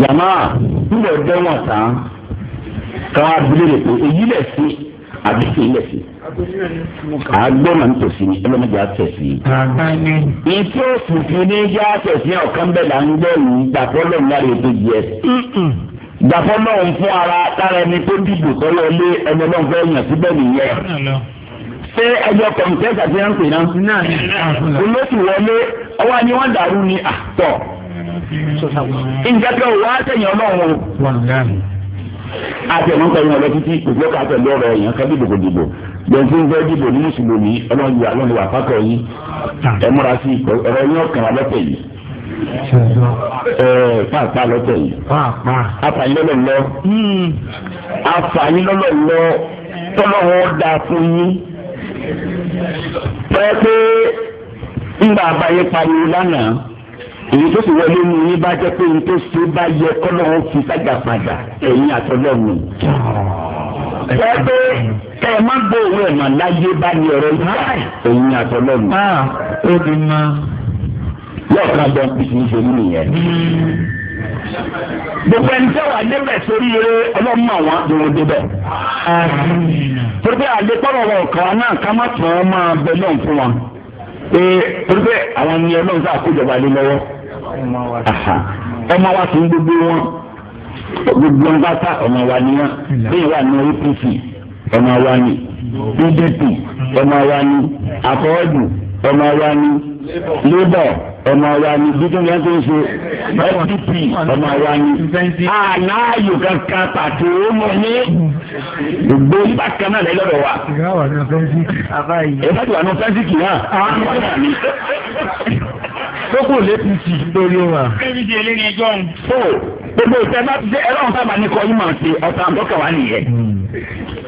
jàmá nílẹ̀ dẹ́wọ̀n tán káwọn abúlé rẹ̀ pé èyí lẹ̀ sí àbí sí ilẹ̀ sí. àgbọ̀nà ń tòsí ni ọlọ́mọdé á tẹ̀sí. ìfẹ́ òfìfin ní yá tẹ̀sí ọ̀kan bẹ́ẹ̀ là ń gbọ́ yìí gbàtọ́ lọ́run lára ètò yẹ gbàtọ́ lọ́run fún ara tára ẹni tó dìbò tọ́lọ́ lé ẹni ọlọ́run fẹ́ yàn síbẹ̀ nìyẹn ṣé ẹjọ́ kọ̀ǹtẹ́sì àti ẹ̀ńpẹ̀ náà olóṣù wọlé ọwọ́ ni wọ́n dàrú ni àtọ̀ ìjẹ́kẹ́ òwò àtẹ̀yìn ọlọ́run o. àtẹ̀mọ́ kan yín ọ̀rẹ́ títí ìgbẹ́ ká tẹ̀lé ọ̀rọ̀ èèyàn ká dìbò kò dìbò gbẹ̀nsẹ̀ ń fẹ́ dìbò ní mùsùlùmí ọlọ́run yóò alọ́run wà fákọ̀ yín ẹ múra sí ọ̀rọ̀ yín ọ̀kan lọ́tẹ̀ yìí. ẹ̀ẹ́ pàápàá lọ́tẹ̀ yìí. afàyín lọ́lọ́ hmm. afàyín lọ́lọ́ tọ́lọ́wọ́ da fún yín pẹ́ pé ńgbà àbáyé pariwo lánàá èyí tó sì wọlé ní yín bá jẹ́ pé yín tó ṣe bá yẹ kọ́lọ́hún fi sájà padà ẹ̀yìn àtọ́lọ́hún. ẹ pé kẹ ẹ má gbọ́ òun ẹ̀mọ̀ láyé bá ní ọ̀rọ̀ yìí ah. ẹ̀yìn àtọ́lọ́hún. Ah, ó di ma. lọ́ọ̀kan bọ́ bísí ní sẹ́yìn nìyẹn. Hmm. gbogbo ẹni tẹ́wà débẹ̀ sórí eré ọlọ́mọ àwọn àdúró débẹ̀. torí pé àlékọ́rọ̀ ọ̀kan náà ká má tún ọ máa bẹ náà fún wa. torí pé àwọn ni ọlọ́run sáà kó ìjọba lé lọ́wọ́ ọmọ wa kì í gbogbo wọn gbogbo wọn bá ta ọmọ wa ni wọn bẹ́ẹ̀ wà ní apc ọmọ wa ni pdp ọmọ wa ni akọ́ọ̀dù ọmọ wa ni labour ọmọ wa ni bíkún yẹn tó ń ṣe fdp ọmọ wa ni aláàyò kankan pàtó mọ ní gbogbo nígbà kan náà lẹ́yìn lọ́dọ̀ wa. ìbáwá ah. ni fẹ́ńsì kì náà. lókùn l'APC lórí wọn. ẹjọ́ ń. so gbogbo ìfẹ́ bá ti ṣe ẹlọ́run sábà ní kọ́ máa ṣe ọ̀sán wa nìyẹn.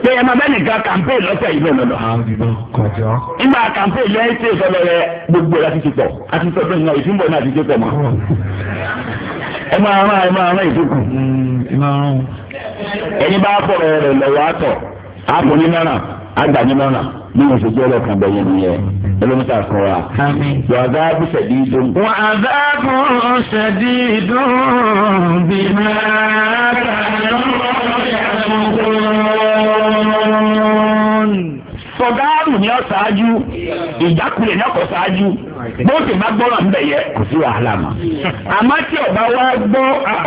pé ẹ máa bẹ́ẹ̀ campaign lọ́sẹ̀ yìí nígbà campaign gbogbo ẹ̀ láti pọ̀ àti sọ́dún náà ìfúnbọ̀ náà ti ti pọ̀ mọ́. ẹ máa rán ẹ máa rán bá fọ̀rọ̀ rẹ̀ lọ́wọ́ àtọ̀ bí mo ṣe jẹ́ lọ́kàn bẹ̀yẹ nìyẹn ẹlọ́mítà kan wa. wàdà bùsẹ̀ di dùn. wàdà bùsẹ̀ di dùn bí máa bá lọ́wọ́ yàtọ̀ kún. fọgáàrù ni ọ ṣáájú ìjákulẹ̀ ni ọkọ̀ ṣáájú bó ti bá gbọ́rọ̀ ń yẹ kò sí wàhálà mọ́. àmọ́ tí ọba wa gbọ́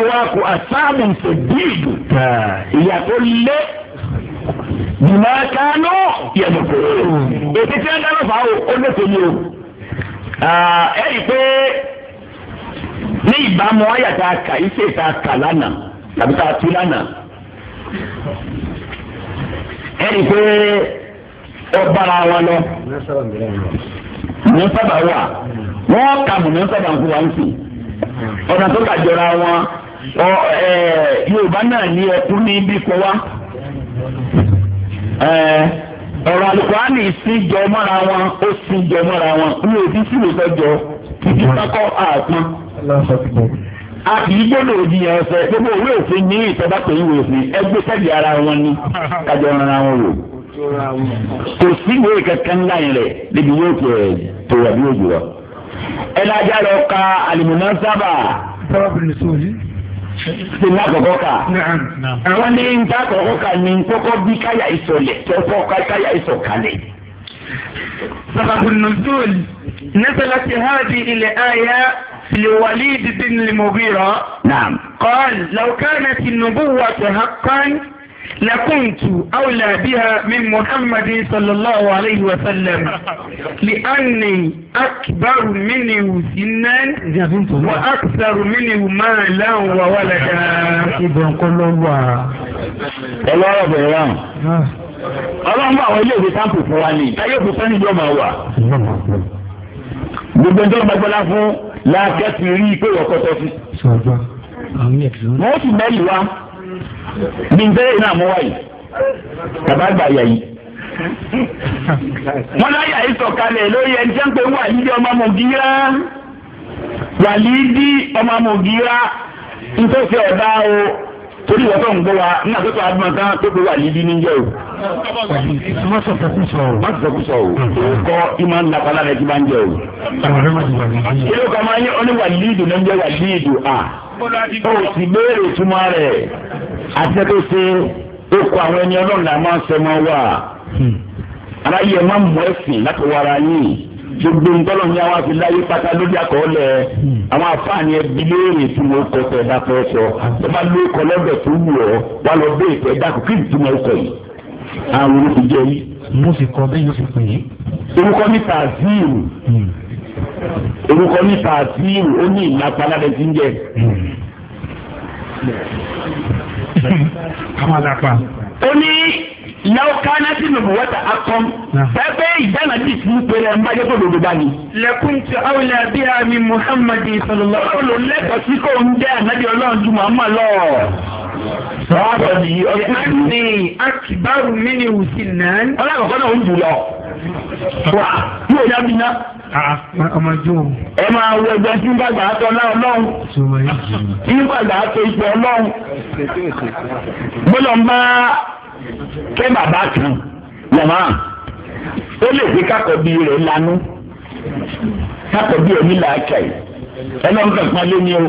wa kò àṣà àmùsọ̀ díìdù ìyàtọ̀ lé. bìmọ̀ kánú yẹ̀mù kúrò ètí tí wọ́n dáná fà á ó lè o. ẹ rí i pé ní ìbámu ọ̀yà tá a kà iṣẹ́ tá a kà lánàá tàbí tá a tú lánàá rí i wọn lọ sábà wà wọ́n kà mọ̀ sábà ń kú wa ń sìn ọ̀nà tó kà jọra wọn Yorùbá náà ní ọ̀rọ̀ àlùkòránì síjọ mọ́ra wọn ó síjọ mọ́ra wọn ní òbí sì lè sọ́jọ́ títí pákọ́ àpọn. a kì í gbọ́dọ̀ òbí yẹn ọ̀sẹ̀ gbogbo òwe òfin ní ìtọ́ba pé ìwé òfin ẹgbẹ́ sẹ́bi ara wọn ni kájọ ran ara wọn wò. kò sí ìwé kankan ńlá yẹn rẹ̀ níbi yóò tó ẹ̀ tó wà bí òjò wa. ẹ̀ lájà lọ ka àlùmọ́nà sinna kọkọ kan. àwọn ní n ta kọkọ kan ní n kọ́kọ́ bí káyà ìsọlẹ̀ tọ́kọ́ káyà ìsọ̀kalẹ̀. sababu nuzul nasalati hadhihi al-aya لوليد بن المغيرة نعم قال لو كانت النبوة حقا لكنت أولى بها من محمد صلى الله عليه وسلم لأني أكبر منه سنا وأكثر منه مالا وولدا ọlọ́run bá àwọn ilé ìwé sáǹpù fún wa ní ayé òkú sẹ́ni yóò máa wà. gbogbo ẹjọ́ gbàgbọ́lá fún làákẹ́tì rí pé wọ́n kọ́tọ́ sí. wọ́n sì mẹ́rin wa bí n tẹ́lẹ̀ náà yi. baba bàbá àgbà yà yìí. wọ́n láyà yìí sọ̀kalẹ̀ lórí ẹni tí wọ́n pe wà nídìí ọmọ ọmọ o torí wọ́n tó ń gbọ́ wa ní àtúntò tó pe wà nídìí níjẹ́ o. má sọ o. má sọ o. ìmọ̀ rẹ̀ ti o. ìlú kan máa ń ní a. Ah. o sì béèrè ìtumọ̀ rẹ̀ àtẹ́tẹ́sẹ́ okò àwọn ẹni ọlọ́run là máa ń sẹ́mọ́ wà aráyé ẹ̀ máa mú ẹ̀sìn láti wàrà yìí gbogbo ntọ́lọ̀ ní àwọn afiláyé pátá lórí àkọọ́lẹ̀ àwọn afáàní ẹbí léèrè tí mo kọ tẹ̀ dákọ̀ sọ ẹ bá ló kọ lọ́dọ̀ tó wù ọ́ wà lọ bẹ́ẹ̀ tẹ̀ dákọ̀ kí nìtú mọ̀ ọkọ̀ yìí. àwọn olùkọ́ jẹ́ yìí. mo sì kọ bẹ́ẹ̀ yóò fi pè é. orúkọ mi tazim orúkọ ní tààtìrù ó ní ìlàpá lábẹ́ tí ń jẹ. ó ní ìyàwó kaná sí nùbùwọ́tà akọ́m bẹ́ẹ̀ ìdáná ti ti ń pèrè ẹ̀ ń bájẹ́ tó lòdò dání. lẹ́kùn tí awùlẹ̀ bí i àmì muhammadu sallallahu alaihi wa sallam lẹ́kọ̀ọ́ sí kò ń jẹ́ ànábì ọlọ́run ju muhammad lọ. sọ́wọ́n sọ ni ọ̀sẹ̀ ìlú. ní akibaru mini wùsì náà. ọlọ́kọ̀ọ́kọ́ náà ń jù lọ wà yóò yá bi ná. Ah, ọmọ ìjọ o. ẹ máa wọ ẹgbẹ́ tí ń gbàgbà àtọ náà ọlọ́run tí ń gbàgbà àtọ ipò ọlọ́run mo lọ bá kẹ́ bàbá kan yàrá ó lè fi kákọ̀bí rẹ̀ lanú kákọ̀bí rẹ̀ nílà ákà yìí lọ́nkàn kan lé ní o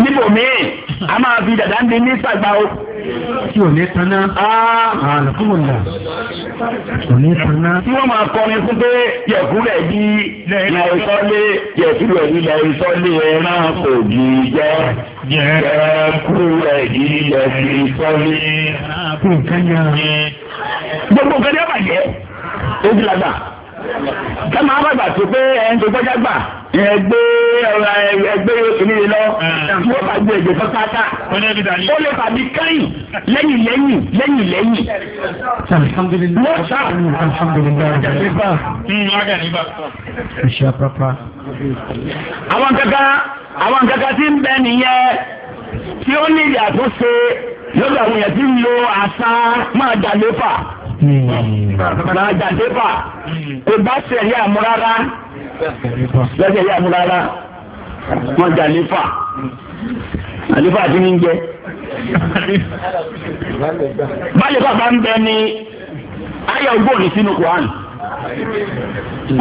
níbo míì a máa fi dàda ń di ní sàgbà o. tí ò ní tanná. àlùkùnlà ò ní tanná. tí wọ́n máa kọrin fún pé yẹ̀kúrẹ́ bí ilẹ̀ ìsọ́lé yẹ̀kúrẹ́ bí ilẹ̀ ìsọ́lé ẹran kò jì jẹ́ yẹ̀kúrẹ́ bí ilẹ̀ ìsọ́lé. gbogbo nǹkan ní ọ̀bàjẹ́ ojú la gbà. kẹ́mi àwọn tó pé ẹ̀ ń tó gbọ́jà gbà. ẹgbẹ́ ẹgbẹ́ yóò tún nílé lọ ah. wọ́n bá gbé ẹgbẹ́ tó pátá ó lè fàbí káyìn lẹ́yìn lẹ́yìn lẹ́yìn lẹ́yìn. Hmm, àwọn kankan àwọn kankan ń bẹ nìyẹn tí ó ní ń lo àṣà máa jà hmm. máa jà kò bá àmúrárá. lọ́sẹ̀ yà fún rárá wọ́n jà lífà àlífà tí ń jẹ. báyìí bàbá ń bẹ ní ayọ̀ ni sínú Quran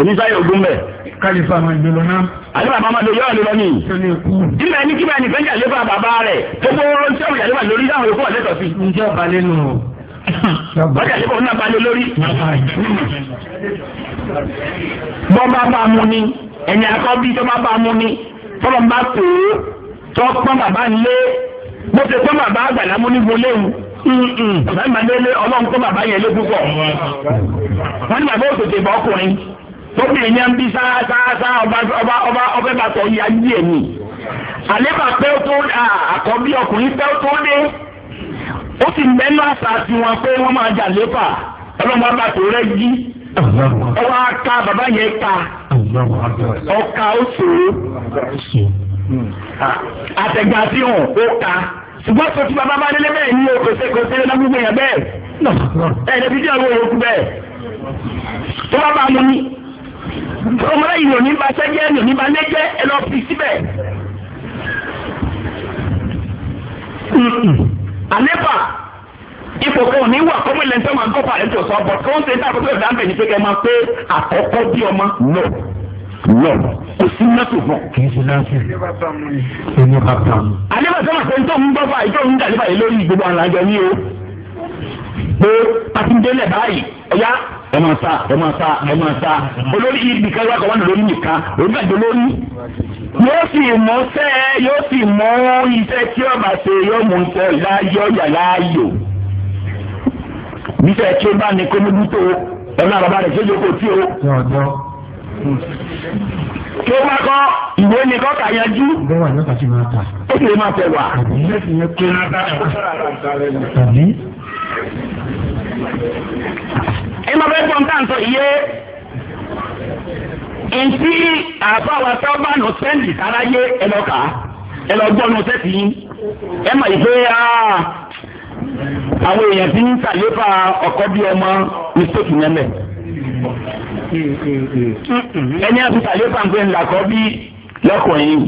oníṣàyọ̀ ogun bẹ̀. kálífà máa ń dolo náà. àlífà máa ma do yọ̀ọ́ lọ ní. ìmọ̀ ẹni kí ni ẹni fẹ́ jà lífà bàbá rẹ̀ gbogbo ohun tí ó jà lífà lórí láwọn yòókù wà lẹ́tọ̀ọ́ sí. ǹjẹ́ ọ̀bà lẹ́nu o ọjà tí kò náà balẹ̀ lórí. bọ́ bá bá mu ni ẹ̀yìn àkọ́bí tó bá bá mu ni tọ́lọ́ bá pè é tọ́ pọ́n bàbá lé bó ṣe pọ́n bàbá àgbàlá mú ní gboléwu ọ̀sán ìmọ̀lélé ọlọ́run pọ́n bàbá yẹn lé púpọ̀ wọ́n ní bàbá òṣèṣe bọ́ ọkùnrin tóbìnrin yẹn ń bí sáásáásá ọba ọba ọbẹ̀ bàtọ̀ yá yí ẹ̀mí àlébà pẹ́ tó àkọ́bí ọkùnrin pẹ́ tó dé ó sì mẹ́nu àṣà tiwọn pé wọ́n máa jà lépà ọlọ́mọ bá tó rẹ́ jí ọwọ́ aka bàbá yẹn ka ọka ó sòó àtẹ̀gbà sí hàn ó ka ṣùgbọ́n tó ti bàbá bá délé bẹ́ẹ̀ ní òkòṣe kòṣe lágbègbè yẹn bẹ́ẹ̀ ẹ̀ lẹ́bi díẹ̀ wọ́n yòókù bẹ́ẹ̀ tó bá bá mu ní ọmọdé yìí ò ní ba sẹ́jẹ́ ò ní ba lẹ́jẹ́ ẹ lọ fi síbẹ̀. àlébà ipò kan ò ní wà kọ́mọ ilẹ̀ nítorí máa gọ́fà lẹ́tọ̀ sọ bọ̀ tó ń ṣe dáàbò tó dáàbò ní kẹ́ máa pé àkọ́kọ́ bí ọmọ. lọ lọ kò sí mẹ́tò kì í ṣe bá àlébà ń ìjọ ń yìí lórí gbogbo àlàjọ ní o. pé pàtìndélẹ̀ báyìí ọ̀yá ẹ máa sá ẹ máa sá ẹ máa sá olórí ibìkan wákọ̀ yóò sì mú sẹ́ yóò sì mú iṣẹ́ tí ó bá ṣe yóò mú sẹ́ láyọ̀ yà láàyò. bíṣẹ́ tí ó bá ní kó mójútó ẹ̀rọ àbábá rẹ̀ ṣe jókòó tí ó. kí ó wá kọ́ ìwé ni kọ́ kà yanjú. ó sì lè máa tẹ̀ wá. ẹ máa fẹ́ gbọ́n tá à ń sọ iye ntí àbáwá sábàánù sẹ́ńdì sáráyé ẹ lọ kà á ẹ lọ gbọ́ nu sẹ́ẹ̀tì yín ẹ mọ̀ ìfẹ́ àwọn èèyàn ti ń tàlébà ọkọ bí ọmọ mistake yẹn lẹ̀ ẹni àti tàlébà ń pè ńlá kọ́ bí lọ́kùnrin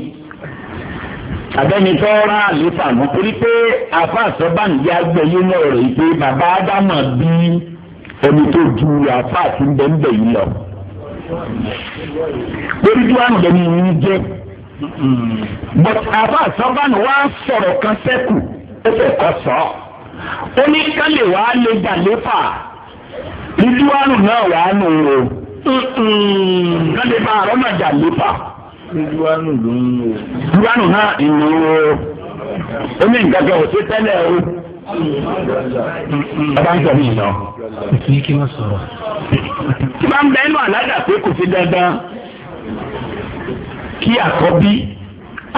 abẹ́ni tó rà àléfà mọ́ torí pé àfa àsọ́bàǹdì agbẹ̀yé náà rèé pé bàbá ádámà bí ẹni tó ju àfa àti bẹ́ńbẹ̀ yìí lọ. lórí tí wàá nù ìrìn jẹ́ but àbá àsọ́gbàna wá sọ̀rọ̀ kan sẹ́kù ó fẹ́ kọ́ sọ ó ní kálẹ̀ wàá lè dà lépà ridwanu náà wàá nù o kálẹ̀ bá àrọ́ máa o ó ní nǹkan ẹ bá ń sọ yìí lọ. kí kí wọ́n sọ̀rọ̀. tí bá ń bẹ inú àlájà pé kò sí dandan kí àkọ́bí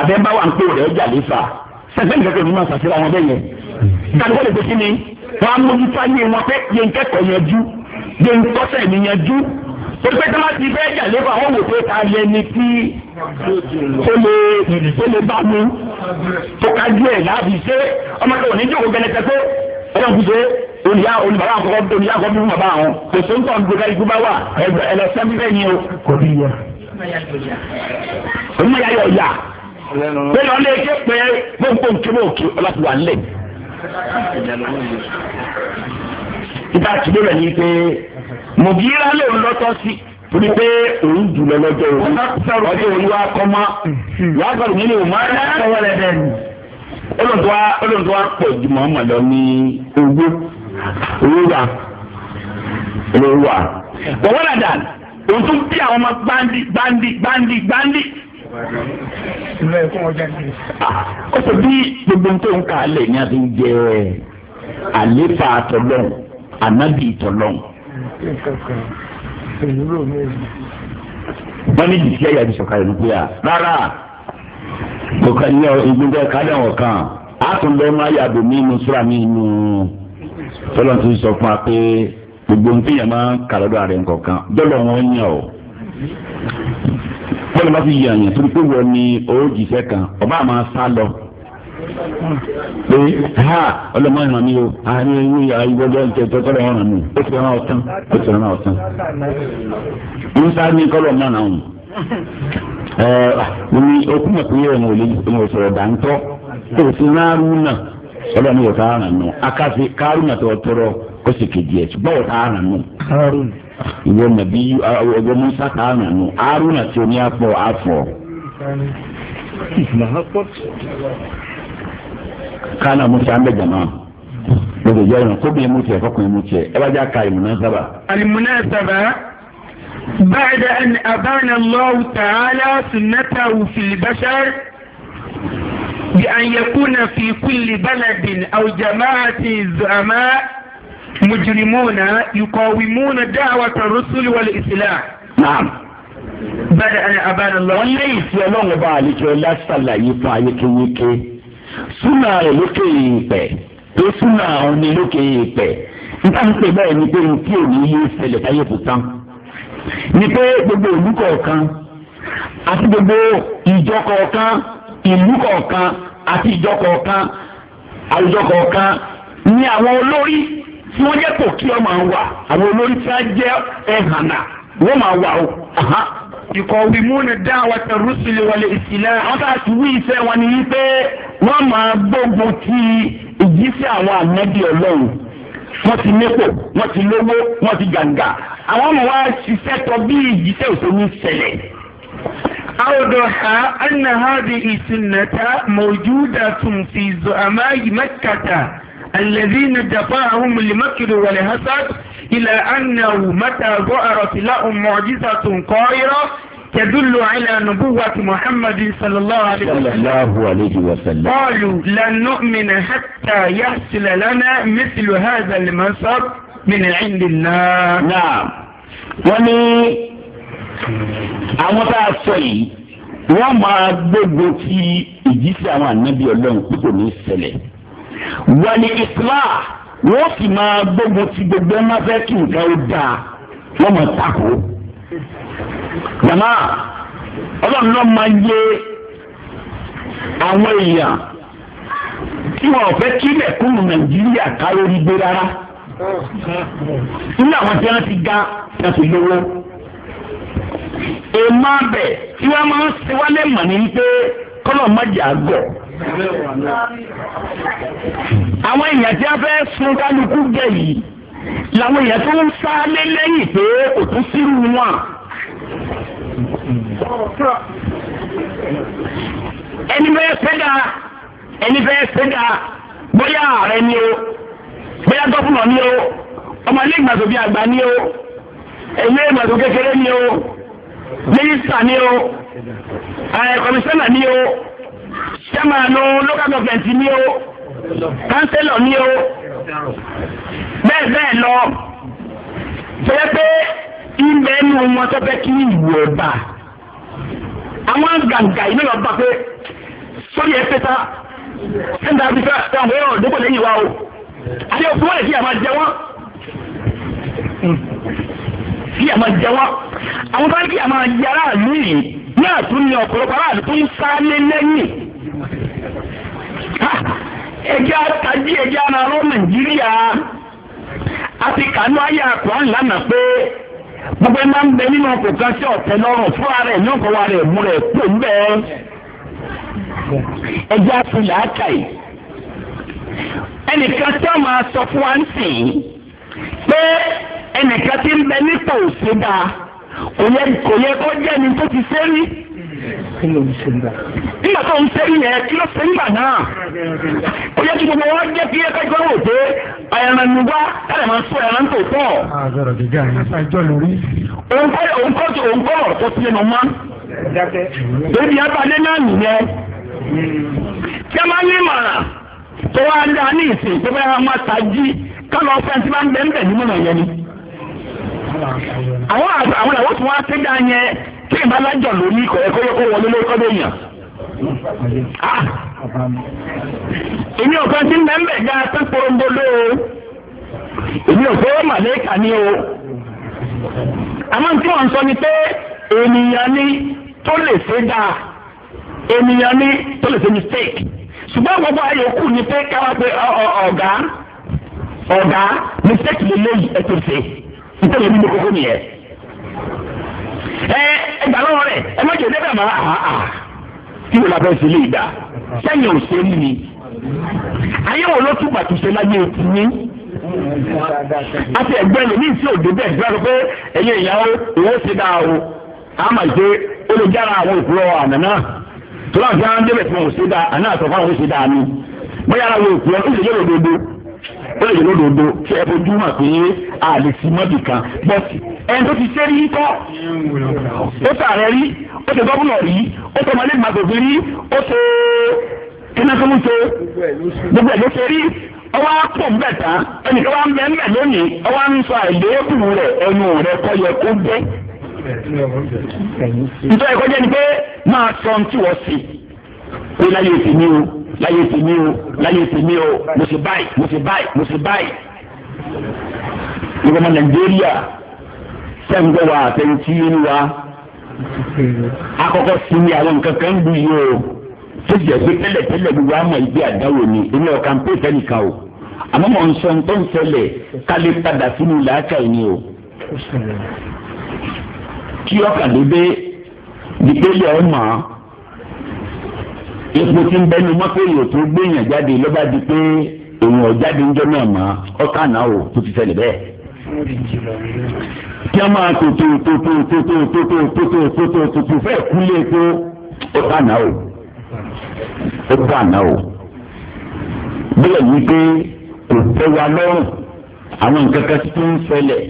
abẹ́báwá ń pè rẹ̀ jà léfà sẹ́gbẹ́ nìkan kò máa sàṣírà wọn bẹ́yẹn. kálí wọ́n lè gbé kí ni wọ́n á mójútó ayé wọn pé yẹn kẹ́kọ̀ọ́ yẹn jú yẹn kọ́sẹ̀ mi yẹn jú pépé tí wọ́n ti fẹ́ jà lébà wọ́n wò pé ta yẹ ni tí ó lè ó lè bá mú tó ká díẹ̀ láàbì ṣe ọmọ kan ò ní jókòó gẹ́lẹ́ tẹ́tẹ́ ẹ̀rọ ń ṣe olùyà olùbàbà àkọ́kọ́ olùyà àkọ́kọ́ bíbí bàbá àwọn kò sí nǹkan gbogbo ẹ̀rí gbogbo wa ẹlẹ́sẹ̀ bíbẹ̀ yín o kò bí yẹ. òun yà yọ ya bẹ́ẹ̀ lọ́lé ké pé gbóngbóng kébé òkè ọlọ́tí wà nílẹ̀. ìta rẹ̀ ní pé mùgírà lè ń lọtọ sí torí pé òun jùlọ lọ́jọ́ òun ọjọ́ òun wá kọ́ mọ́ wàá sọ̀rọ̀ nínú ìwọ̀n máa ń sọ́wọ́ rẹ̀ dẹ́nu. olùdókòwò olùdókòwò pọ̀ ju lọ ní ogún tún bí àwọn ọmọ sọ bí nǹkan kan ìrúrò mẹ́rin. wọ́n ní jìkì ẹ̀yà ti sọ̀kalẹ̀ ní pẹ́yà rárá kòkà ní ìgbìndé kálẹ̀ wọn kan á tún lọ́ọ́ máa yàgò mí inú súra mi inú tọ́lọ́ ti sọ fún wa pé gbogbo nkéèyàn máa ń kà lọ́dọ̀ àrẹ nǹkan kan dọ́lọ̀ wọn yàn ọ́ wọ́n lè má fi yàn yàn torí pé wọ́n ní ó jìṣẹ́ kan ọba máa sá lọ. pe ha ọlọ́mọ ma mi o àárín ewu ìwọ́jọ́ ìtẹ̀tọ́ kọ́lọ́ ọ̀ràn mi ó ti rán ọ̀tán ó ti rán ọ̀tán. musa ní kọ́lọ́ mọ́ra òun ẹ̀ẹ́d ní okùn ẹ̀kúnyẹ́ òun ò lè sọ̀rọ̀ dáńtọ́ kò sí náà akásí kó sì ìwọ nàbí musa afọ afọ. kánà mo ṣe à ń bẹ jàmá lóde jẹ́ ìrìn kóbi mu tiẹ̀ fọkùnrin mu tiẹ̀ ẹ bá jẹ́ àka al-munasaba. al-munasaba ba'da an abana Allahu ta'ala sunnatahu fil bashar bi an yakuna fi kulli baladin aw jama'ati zu'ama mujrimuna yuqawimuna da'wata ar-rusul wal islam. naam ba'da an abana Allahu. wọ́n lé ìfẹ́ ọlọ́run bá àlejò ọlá ṣàlàyé fún ayékéyéké. súnà rẹ̀ lókè ìpẹ́ tó súnà òun ni lókè ìpẹ́ nípa ń pè báyìí pé tí ò ní yé táyé ni pé gbogbo ìlú kọ̀ọ̀kan àti gbogbo ìjọ kọ̀ọ̀kan ìlú àti ìjọ àwùjọ ni àwọn olórí tí ìkọ̀wémúni dáwọ́ tẹ rúṣìlì wọlé ìsìlẹ̀ àwọn tá a ti wí iṣẹ́ wọn ni wípé wọ́n máa gbógun ti ìjíṣẹ́ àwọn ànábì ọlọ́run wọ́n ti nípò wọ́n ti lówó wọ́n ti gàǹgà àwọn ọmọ wa ṣiṣẹ́ tọ bí ìjíṣẹ́ òṣèlú ṣẹlẹ̀. أوضح أن هذه السنة موجودة في زعماء مكة الذين دفعهم لمكر والهسد إلى أنه متى ظهرت لهم معجزة قاهرة تدل على نبوة محمد صلى الله عليه وسلم صلى الله عليه وسلم قالوا لن نؤمن حتى يحصل لنا مثل هذا المنصب من عند الله نعم وني àwọn أصلي وما أدب في إجسام النبي gbogbo ti ìjísí àwọn ànábì wọ́n sì máa gbógun ti gbogbo ẹ̀ máa fẹ́ kí nǹkan ó dáa wọ́n máa tako. Yàmá ọlọ́run náà máa yé àwọn èèyàn tí wọn fẹ́ kí lẹ́kùn Nàìjíríà kárórí gbé rárá. Nínú àwọn tí ti ga tí wọ́n lówó. Èèmọ̀ abẹ tí wọ́n máa ń ṣe wálé mọ̀ àwọn èèyàn tí a fẹ́ sun kálukú jẹ yìí làwọn èèyàn tó ń sáré lẹ́yìn pé kò tún sírù wọn. ẹni bẹ́ẹ̀ fẹ́dà ẹni bẹ́ẹ̀ fẹ́dà bóyá ààrẹ ni o bóyá gọ́fúnà ni o ọmọ ilé ìgbàsó bíi àgbà ni o ilé ìgbàsó kékeré ni o mínísítà ni o ẹ kọmíṣánná ni o. chairman local government ni o councillor ni o bẹ́ẹ̀ bẹ́ẹ̀ lọ jẹ́ pé ilẹ̀ ẹnu wọn tó fẹ́ kí n'i ọba àwọn gàǹgà yìí lọ́ba pé sórí ẹsẹ̀ ta sẹ́ńtà àbí fẹ́ àwọn èèyàn wa o àti òfin wọn lè fi àmà jẹ wọn fi àmà jẹ wọn àwọn tó ń àmà jẹ aráàlú ní àtúnyẹ ọ̀pọ̀lọpọ̀ eji àtàjì ẹjẹ́ eji nàìjíríà a ti kànú ayé àkùrán lánàá pé gbogbo ẹ máa ń bẹ nínú ọkọ̀ kan sí ọ̀tẹ lọ́rùn fúnra rẹ̀ ní ọkọ̀ wa rẹ̀ mú rẹ̀ pò ń bẹ́ ẹjẹ́ àti làákà yìí ẹnìkan tí máa sọ fún wa ń sìn ti ń bẹ kò yẹ kó nínú ìṣe ń bá. nígbà tó ń tẹ́lẹ̀ yẹn kí ló ṣe nígbà náà ó yẹ kí gbogbo wọn jẹ́ wò ni wá ẹ̀rẹ̀ máa sọ ẹran tó tọ̀. òun kọ́ òun kọ́ tó tiẹ̀ nù mọ́. bébí abalẹ̀ náà nìyẹn kí a máa ní ìmọ̀ràn tó wá dá ní ìsìn tó bẹ́ẹ̀ máa ta jí tí ìbá lájọ lórí ikọ̀ ẹ̀kọ́ yẹ kó wọlé lórí kọ́dé èèyàn. Ah! èmi ò kan ti ń bẹ́ẹ̀ ga pípọ̀ ń bolo o èmi ò fẹ́ màlẹ́kà ni o. àmọ́ tí wọ́n ń sọ ni pé ènìyàn ni tó lè ṣe dáa ènìyàn ni tó lè ṣe mistake ṣùgbọ́n gbogbo ayọ̀kù ni pé káwá pé ọ̀gá ọ̀gá mistake lè lóyún ẹ̀tọ́ ṣe nítorí ẹni mi kókó nìyẹn. ẹ bẹ́ẹ̀ ẹ má jẹ́ dẹ́gbà má àhà kí wò lábẹ́ sílé ìgbà sẹ́yìn ò ṣe mú mi. ayé wo ló tún pàtúnṣe láyé ètí ní. àti ẹgbẹ́ lè ní ìsí òde bẹ́ẹ̀ gbẹ́rù pé ẹ̀yin ìyàwó ìwọ́n ti dáa o àmà ìṣe ó lè jára àwọn òkúrọ̀ àná náà tó láti fi hàn débẹ̀ tí wọn ò ṣe dáa àná àtọ̀fọ́ àwọn ò ṣe dáa ni bóyá ara wọn òkúrọ̀ ó lè yẹ ó lè yẹ lódodo tí ẹ fojú hàn pé àlè mọ́bì kan bọ́ọ̀sì ẹni tó ti ṣe rí kọ́ ó rí ó ṣe gọ́fúnà rí ó ọmọlé màgòfin rí ó ṣe kínákínú gbogbo ẹ̀ ló ṣe rí ọwọ́ ń bẹ̀ tán wá ń bẹ̀ ń bẹ̀ lónìí ọwọ́ ń sọ rẹ̀ ẹnu sọ ohun tí wọ́n sì pé o láyé ti ní o láyé ti ní o mo sì báyìí mo sì báyìí mo sì báyìí. sẹ́ńgbẹ́ wa àtẹ̀ntì wa àkọ́kọ́ sinmi àwọn nǹkan kan bu yìí o tó jẹ́ pé tẹ́lẹ̀ tẹ́lẹ̀ gbogbo àmọ́ ìgbé àdáwò ni èmi ọ̀ kàn pé tẹ́nìkan o àmọ́ mọ̀ ń sọ tó ń ṣẹlẹ̀ ká lè padà sínú làákà yìí ni o kí ọkà dédé dìpélé ọmọ epo tí ń bẹnu mọ́pẹ́yì tó gbéyàn jáde lọ́ba di pé èèyàn jáde ń jọ́ náà mọ́ ọkà náà o tó ti ṣẹlẹ̀ bẹ́ẹ̀ kí a máa tètè tètè tètè tètè tètè tètè tètè fẹ́ kúlé pé ó bà náà o ó bà náà o bẹ́ẹ̀ ni pé kò tẹ́ wa lọ́rùn àwọn nǹkan kan tó ń ṣẹlẹ̀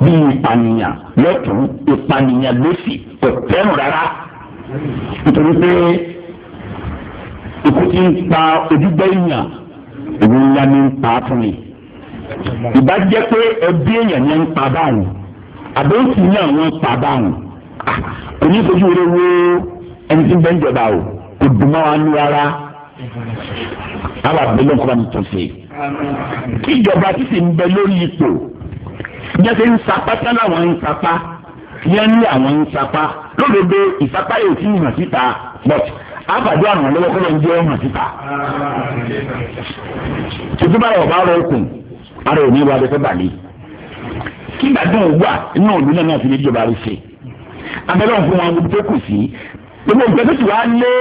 bíi ìpànìyàn lọ́tún ìpànìyàn lọ́sì kò tẹ́rùn rárá nítorí pé ikú ti ń pa ojúgbẹ́ ìyàn ìwé ńlá ní ń pa fún mi ìbá jẹ́ pé ẹbí èèyàn yẹn ń pa báwọn àbẹ́ǹtì ní àwọn ń pa báwọn kò ní fojú rẹ wo ẹni tí ń bẹ́ ń jọba o kò dùn mọ́ wa ní rárá àwọn àbẹ̀lẹ̀ nǹkan bá mi tó ṣe. ìjọba ti sì ń bẹ lórí ipò yẹn ti ń sapá sálà wọn ń sapá yẹn ní àwọn ń sapá lódodo ìsapá yóò ti hàn síta but àbàdo àrùn lọ́wọ́ kọ́ ló ń jẹ́ hàn síta. tuntun báyọ̀ bá rọ okùn ara òní wa bẹ́ẹ̀ fẹ́ bàlẹ́ kí gbàdúrà wà náà òní náà fi lè jọba rẹ ṣe abẹ́rẹ́ òfin wọn kò tó kù sí gbogbo nǹkan tó ti wá lé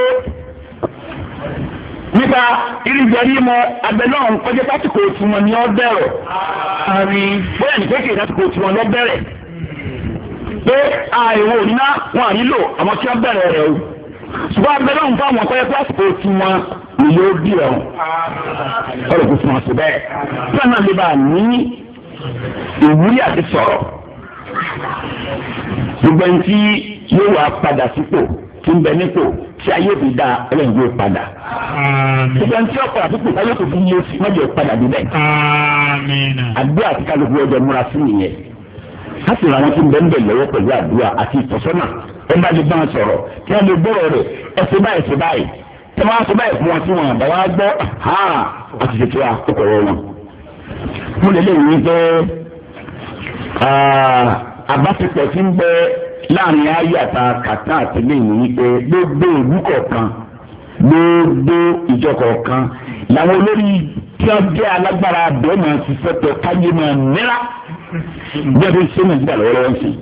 nípa irinjẹri mọ abẹ́rẹ́ òun kọjá pásítọ̀ tiwọn ni ọ bẹ̀rẹ̀ bóyá nìkan kì í pásítọ̀ tiwọn lọ bẹ̀rẹ̀ pé àìwò ní wọn àyílò àwọn tí wọn bẹ̀rẹ̀ rẹ o ṣùgbọ́n abẹ́rẹ́ òun fáwọn ọ̀pẹ́ pásítọ̀ tí wọ́n ni yóò bí ẹ̀hún ọ̀rọ̀ kò fún wọn sí bẹ́ẹ̀ sọ́nà lè bá a ní ìwúrí àti sọ̀rọ̀ gbogbo ẹni tí yóò wá padà sípò tí ń bẹ nípò tí ayé fi da ẹlẹ́yìn yóò padà gbogbo ẹni tí yóò padà sípò tí ayé tó fi yóò sí mọ́jọ́ padà níbẹ̀ àdúrà àti kálukú ọjọ́ múra sí nìyẹn láti ràn wọn tí ń bẹ lọ́wọ́ pẹ̀lú àdúrà àti ìtọ́sọ́nà ẹ bá lè gbọ́n sọ̀rọ̀ kí wọ́n lè gbọ́rọ̀ rẹ̀ ẹ ṣe báyìí ṣe báyìí tí wọ́n á ṣe báyìí fún wọn tí wọ́n àbáwá gbọ́ àti ṣètò àkọ́kọ́rọ́ wọn. mo lè léyìn wípé àbáṣepọ̀ ti ń bẹ láàrin ayé àta kàtà àti léyìn wípé gbogbo ìlú kọ̀ọ̀kan gbogbo ìjọ kọ̀ọ̀kan làwọn olórí tí wọ́n jẹ́ alágbára àbẹ̀ máa ṣiṣẹ́ tẹ káyé máa níra bí wọ́n ti ṣe nàìjíríà lọ́wọ́lọ́wọ́ sí i.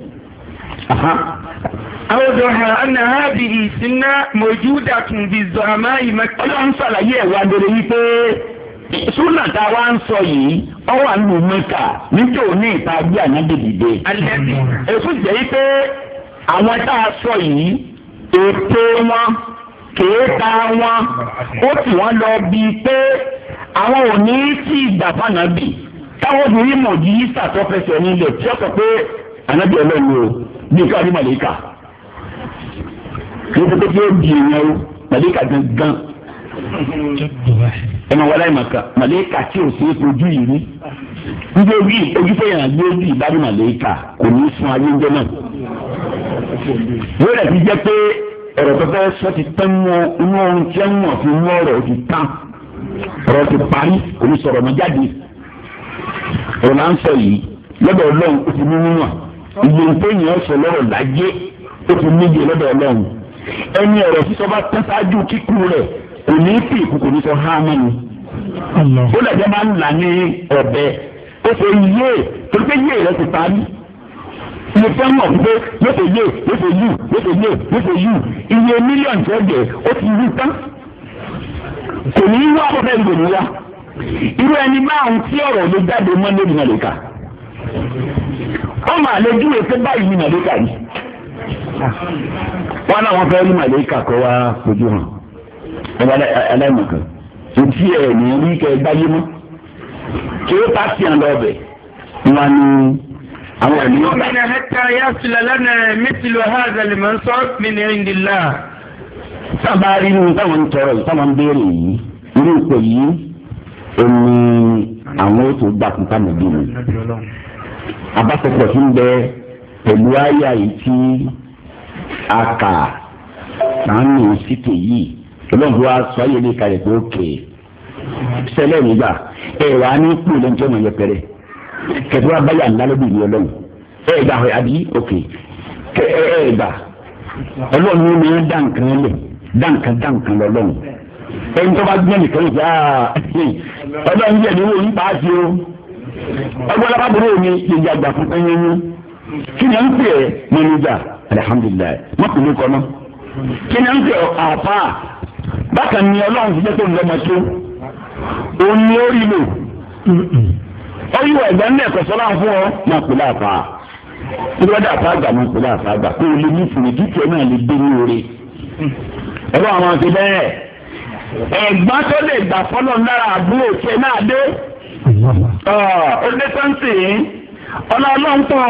àwọn ọ̀hán ana hábi ìsinná mọ̀júdà tún bí zọ̀hámá ìmọ̀kì. ọlọ́run ṣàlàyé ẹ̀wà lórí wípé súnà tá a wá ń sọ yìí ọwọ́ àlù mẹ́ta níjọ́ ní ìta bí ànábì dìde. èso jẹ́ wípé àwọn sọ lọ ò ní tí ìgbà fànàbì táwọn obìnrin mọ̀jú yìí nílẹ̀ tí ó sọ pé ànábì ọlọ́run yóò tó tó di èèyàn o màlẹ́kà gangan ẹ máa wá láì màkà màlẹ́kà tí ò sí ojú yìí rí nítorí ojú tó yàrá gbé ojú ìbádùn màlẹ́kà kò ní sun ayé ń jẹ náà wọ́n rẹ̀ ti jẹ́ pé ọ̀rọ̀ tó fẹ́ sọ ti tán mọ́ inú ohun tí ẹ̀ ń mọ̀ fi mú ọ̀rọ̀ ti tán ọ̀rọ̀ ti parí kò ní sọ̀rọ̀ mọ́ jáde ọ̀rọ̀ náà ń sọ yìí lọ́dọ̀ ọlọ́run ó ti mú níwọ̀n ìgbìntẹ́yìn ọ̀sọ̀ lọ́rọ̀ lájẹ́ ó ti níje lọ́dọ̀ ọlọ́run ẹni ọ̀rọ̀ sísọ bá tẹ́ ṣáájú kíkú rẹ̀ kò ní pì kò kò ní sọ há mọ́ni. ó lẹ́jọ́ máa ń là ní ọ̀bẹ ó ṣe yé torí pé yé rẹ̀ ti parí mo fẹ́ mọ̀ pé lóṣè yé lóṣè yù lóṣè yé lóṣè yù iye mílíọ̀nù tó jẹ ó ti yí tán kò ní í wá afẹ́fẹ́ ìgò ní wá irú ẹni máa ń tí ọ̀rọ̀ ló jáde mọ́ lórí nàlẹ́ka ọmọ àlejò ètò báyìí ní nàlẹ́ka yìí wọn náà wọn fẹ́ rí màlẹ́kà kọ́ wa fojú hàn aláìmọ̀kan ntí ẹ̀ ní rí kẹ́ ẹ gbáyé mọ́ kí ó pàṣẹ àlọ́ ọbẹ̀ wọn ni àwọn ènìyàn. ọ̀gbìn ẹ̀ka yasula lánàá mẹ́tìlú ọ̀hádà lèmọ̀nsọ́ min indillah. sábà rí ni táwọn ń tọrọ yìí táwọn ń béèrè yìí irú ìpè yìí omi àwọn ètò gbàkúntà mọ̀bí mi. àbáfọ̀pọ̀ bẹ́ẹ̀ pẹ̀lú àyà yìí tí a kà sànù síkè yìí olóńgbò wa sọ ayé lè kalẹ̀ pé ó kè é sẹlẹ̀ nígbà ẹ wà á ní kú lẹ́nu tí ó mọ̀ yẹpẹrẹ kẹtù wa báyà ńlá ló bì ní ọlọ́run ẹ ẹ gbà àbí òkè kẹ ẹ ẹ gbà ọlọ́run ní ní dá nǹkan lẹ̀ dá nǹkan dá nǹkan lọ́lọ́run ẹni tó bá gbẹ́ nìkan lè fẹ́ ọlọ́run yẹ̀ ní wo yín bá a ti o ọgbọ́n lábàbúrò mi lè yàgbà fún ẹyẹ yín kí ni à ń pè ẹ́ mẹ́nìjà alihamudulilayi mọ́kùnrin kọ́nà kí ni à ń pè ọ́ àfa bákan ni ọlọ́run ti jẹ́ tó ń lọ́mọ tó òun ni ó rí lò ọyọ ẹgbẹ ní ẹkọ sọlá fún ọ máa pè láàfà ìgbàdà àfàgbà máa pè láàfà àgbà kó o lè ní ìfúnni dúkìá náà lè dé ní orí ẹgbẹ àwọn àti bẹ́ẹ̀ ẹ̀gbọ́n tó lè gbà fọlọ lára àbúrò tiẹ̀ náà dé ọ ọdẹ sáǹtì ọlọ́ọ̀lọ́ǹtọ̀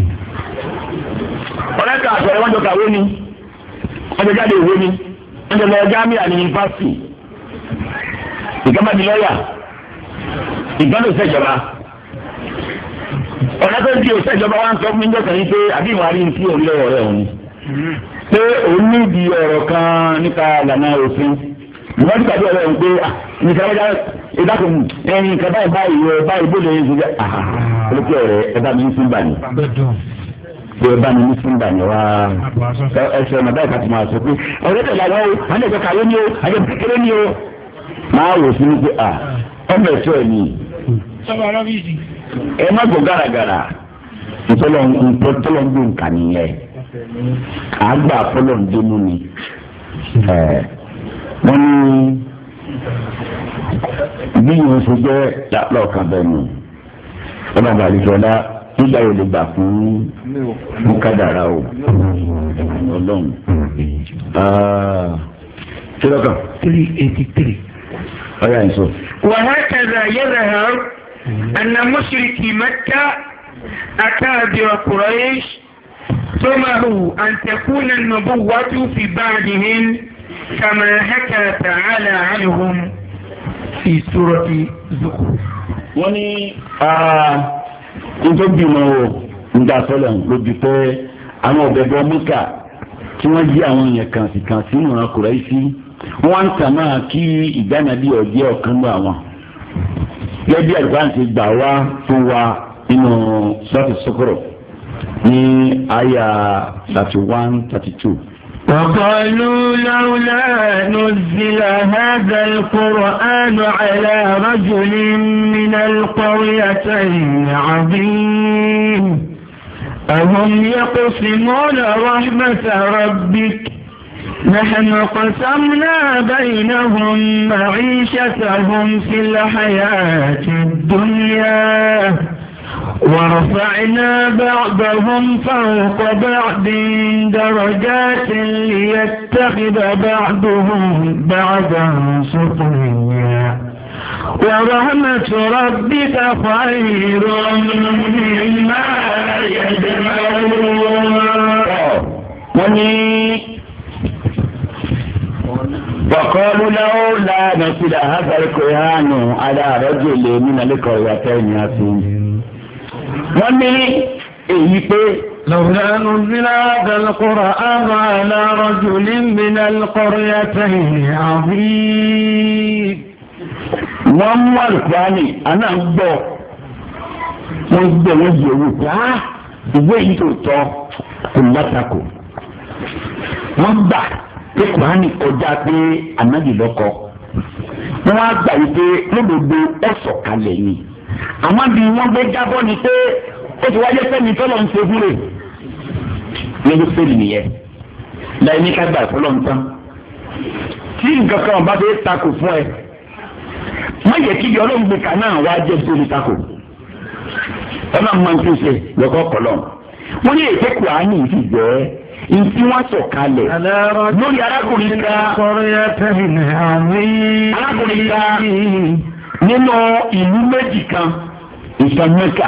ọ̀rẹ́ kan àtọ̀rẹ́ wọn jọ kàwé ni wọ́n jọ jáde ìwé ni wọ́n jọ lọ jámíà ní yunifásitì ìjọba di lọ́ọ̀yà ìgbọ́n ló ṣèjọba ọ̀rẹ́ tó ń di òṣèjọba wa ń sọ fún mi jọ̀sán yìí pé àbí ìwà rí ti òun lọ́wọ́ rẹ̀ òun pé òun níbi ọ̀rọ̀ kan nípa ìlànà òfin ìwọ́n ti pàdé ọ̀rẹ́ òun pé ìjọba ìdákùn ẹ̀yìn ìkàbá ìbáyìí bó lè ṣe jẹ́ àhà ah, ah, ah, olùkọ́ ọ̀rẹ́ ẹ bá mi ń sún bà ní. ebe ẹ bá ní ní sígbà yẹn wá ẹsẹ̀ ọ̀nà báyìí ká ti máa sọ pé ọ̀rẹ́ tẹ̀lé o kàwé ni o àjẹ́ kékeré ni o. máa wò sí wípé à ọmọ ẹ̀tọ́ ẹ̀ ni. ẹ má gbọ́ gàràgàrà ntọ́lọ́ ń gbé nǹkan nìyẹn àgbà fọlọ́ ń ni wọ́n ní bí ṣe jẹ́ lọ́ọ̀kan bẹ́ẹ̀ nígbà yóò lè gbà fún mo kádàrá o ọlọ́run kí lọ́kàn. three eighty three. ọ̀yà ìṣó. وهكذا يظهر أن مشركي مكة أكابر قريش طمعوا أن تكون النبوة في بعضهم كما حكى تعالى عنهم في سورة زخرف. wọ́n ní nítorí bímọ o nígbà sọ́lẹ̀ ń lójú pé àwọn ọ̀bẹ̀bẹ̀ mẹ́kà tí wọ́n jí àwọn èèyàn kan sì kan sínú ìran Kùráìṣì wọ́n ń tàn náà kí ìdánadí ọ̀jẹ́ ọ̀kan lọ àwọn. gẹ́gẹ́ àdìbáǹsì gbà wá fún wa nínú sọ́ọ̀tì sọ́kọ̀rọ̀ ní àyà thirty one thirty two. وقالوا لولا نزل هذا القرآن على رجل من القريتين عظيم أهم يقسمون رحمة ربك نحن قسمنا بينهم معيشتهم في الحياة الدنيا ورفعنا بعضهم فوق بعض درجات ليتخذ بعضهم بعضا سخريا ورحمة ربك خير مما يجمعون وقالوا لولا نزل هذا القرآن على رجل من القريتين عظيم wọ́n ní èyí pé. لولا نزل هذا القرآن على رجل من القريتين عظيم. wọ́n mú àlùkùránì àná ń gbọ́ wọ́n gbọ́ wọ́n yẹ̀ ah, ìwé yìí tó tọ́ kò wọ́n gbà pé kùránì kọjá pé ànábì lọ́kọ wọ́n á gbà yìí lódodo kalẹ̀ ni àwọn bí wọ́n gbé jábọ́ ni pé ó ti wáyé sẹ́ni ń ṣe sẹ́ni nìyẹn láì ní ká gbà fọlọ́ ń má yẹ kí ọlọ́run gbé kan náà wá jẹ́ sórí tako ọlọ́run máa ń tún ṣe lọ́kọ́ kọlọ́n wọ́n ní èké kùránì ti jẹ́ ntí wọ́n sọ kalẹ̀ lórí arákùnrin ká arákùnrin ká nínú ìlú méjì kan ìkan Mẹ́kà